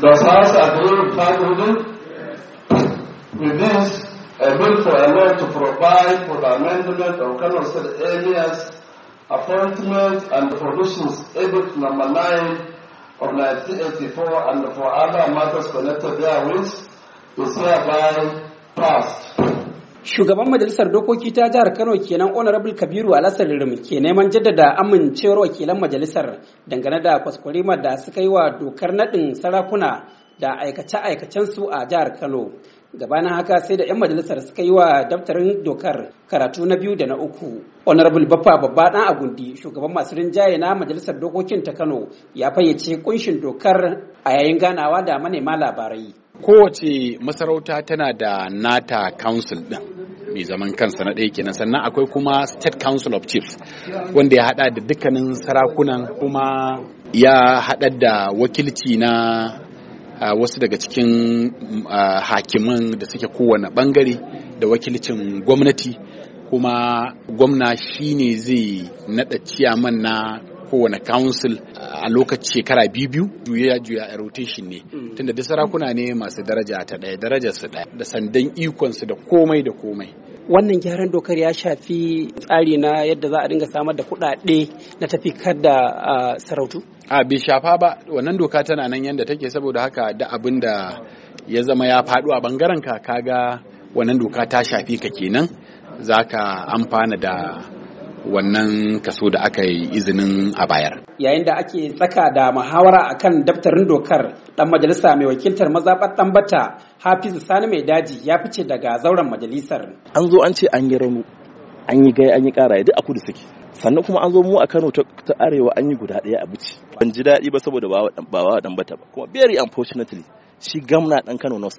Does us agree fine it? With this, a bill for a law to provide for the amendment of Colonel Sir Elias appointment and provisions edit number 9 of 1984 and for other matters connected therewith is hereby passed. shugaban majalisar dokoki ta jihar kano kenan honorable kabiru alasar ke neman jaddada amincewar wakilan majalisar dangane da kwaskwarima da suka yi wa dokar naɗin sarakuna da aikace-aikacen su a jihar kano gabanin haka sai da 'yan majalisar suka yi wa daftarin dokar karatu na biyu da na uku honorable baffa babba dan agundi shugaban masu rinjaye na majalisar dokokin ta kano ya fayyace kunshin dokar a yayin ganawa da manema labarai kowace masarauta tana da nata council din mai zaman kansa na ɗaya kenan sannan akwai kuma state council of chiefs wanda ya haɗa da dukkanin sarakunan kuma ya haɗa da wakilci na wasu daga cikin hakiman da suke kowane bangare da wakilcin gwamnati kuma gwamna shine zai naɗa ciyaman na kowane council a lokaci shekara biyu biyu juya juya a rotation ne hmm. tunda duk sarakuna ne masu daraja ta ɗaya darajar su ɗaya da sandan ikonsu da komai da komai wannan gyaran dokar ya shafi tsari na yadda za a dinga samar da kuɗaɗe na tafi da sarautu a bai shafa ba wannan doka tana nan yadda take saboda haka da abin da ya zama ya faɗo a bangaren ka kaga wannan doka ta shafi ka kenan za ka amfana da wannan kaso da aka yi izinin a bayar. Yayin da ake tsaka da muhawara a kan daftarin dokar ɗan majalisa mai wakiltar mazaɓar tambata Hafizu Sani mai daji ya fice daga zauren majalisar. An zo an ce an yi ramu, an yi gai an yi ƙara duk a kudu suke. Sannan kuma an zo mu a Kano ta arewa an yi guda ɗaya a bici. Ban ji daɗi ba saboda ba wa ɗan bata ba. Kuma very unfortunately shi gamna ɗan Kano North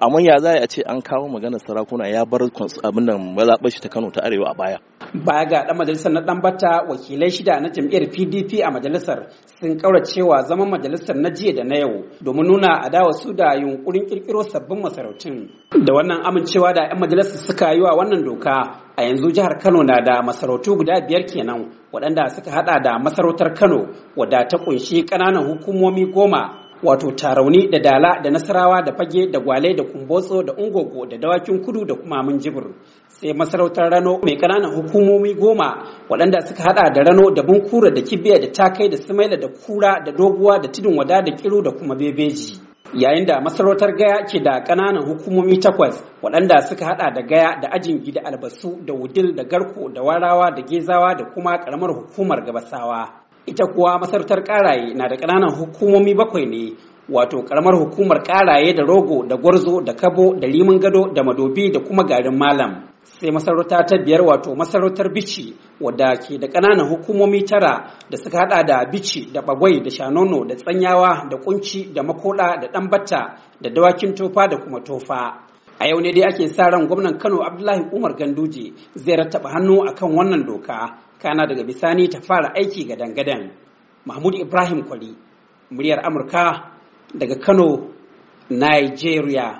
amma ya za a ce an kawo maganar sarakuna ya bar abin nan mazaɓar shi ta Kano ta Arewa a baya baya ga ɗan majalisar na ɗan bata wakilai shida na jam'iyyar PDP a majalisar sun ƙaura cewa zaman majalisar na jiya da na yau domin nuna a adawa su da yunkurin kirkiro sabbin masarautun da wannan amincewa da yan majalisar suka yi wa wannan doka a yanzu jihar Kano na da masarautu guda biyar kenan waɗanda suka haɗa da masarautar Kano wadda ta ƙunshi ƙananan hukumomi goma wato tarauni da dala da nasarawa da fage da gwale da kumbotso da ungogo da dawakin kudu da kuma mun jibir sai masarautar rano mai kananan hukumomi goma waɗanda suka hada da rano da bunkura da kibiya da takai da sumaila da kura da doguwa da tudun wada da kiro da kuma bebeji yayin da masarautar gaya ke da kananan hukumomi takwas waɗanda suka hada da gaya da ajin gida albasu da wudil da garko da warawa da gezawa da kuma ƙaramar hukumar gabasawa ita kuwa masarautar karaye na da ƙananan hukumomi bakwai ne wato karamar hukumar karaye da rogo da gwarzo da kabo da liman gado da madobi da kuma garin malam sai masarauta ta biyar wato masarautar bici wadda ke da ƙananan hukumomi tara da suka hada da bici da bagwai da shanono da tsanyawa da kunci da makoda da ɗanbata da dawakin tofa da kuma tofa a yau ne dai ake sa ran gwamnan kano abdullahi umar ganduje zai rattaba hannu akan wannan doka kana daga bisani ta fara aiki ga dangadan mahmud ibrahim kwari muryar amurka daga kano nigeria